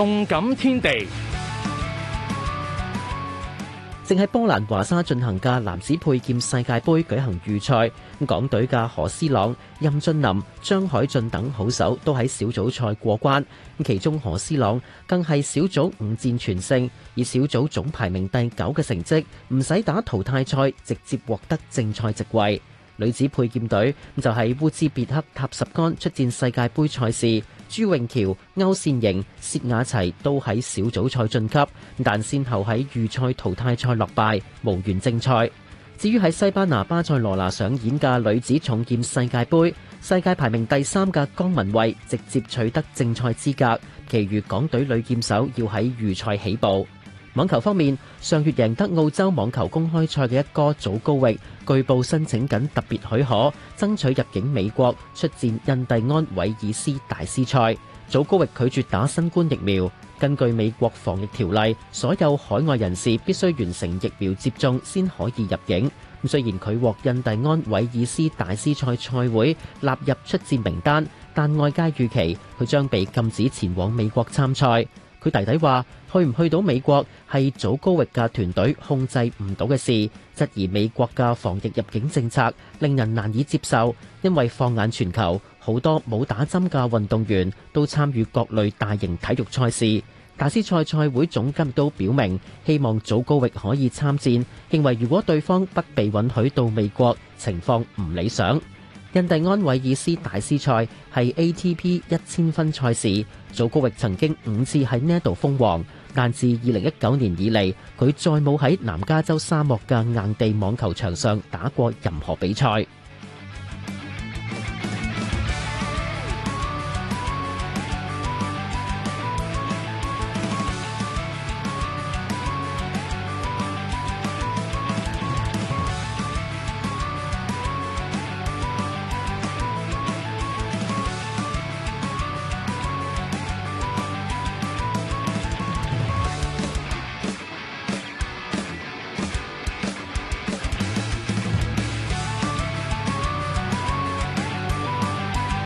動感天地，正喺波蘭華沙進行嘅男子佩劍世界盃舉行預賽，港隊嘅何思朗、任俊林、張海俊等好手都喺小組賽過關，其中何思朗更係小組五戰全勝，以小組總排名第九嘅成績，唔使打淘汰賽，直接獲得正賽席位。女子佩劍隊就喺烏茲別克塔什干出戰世界盃賽事。朱永喬、歐善瑩、薛雅齊都喺小組賽晉級，但先後喺預賽淘汰賽落敗，無緣正賽。至於喺西班牙巴塞羅那上演嘅女子重劍世界杯，世界排名第三嘅江文蔚直接取得正賽資格，其餘港隊女劍手要喺預賽起步。網球方面，上月贏得澳洲網球公開賽嘅一哥祖高域，據報申請緊特別許可，爭取入境美國出戰印第安韋爾斯大師賽。祖高域拒絕打新冠疫苗，根據美國防疫條例，所有海外人士必須完成疫苗接種先可以入境。雖然佢獲印第安韋爾斯大師賽賽會納入出戰名單，但外界預期佢將被禁止前往美國參賽。佢弟弟話去唔去到美國係祖高域嘅團隊控制唔到嘅事，質疑美國嘅防疫入境政策令人難以接受，因為放眼全球，好多冇打針嘅運動員都參與各類大型體育賽事。大師賽賽會總監都表明希望祖高域可以參戰，認為如果對方不被允許到美國情況唔理想。印第安韋爾斯大師賽係 ATP 一千分賽事，祖高域曾經五次喺呢一度封王，但自二零一九年以嚟，佢再冇喺南加州沙漠嘅硬地網球場上打過任何比賽。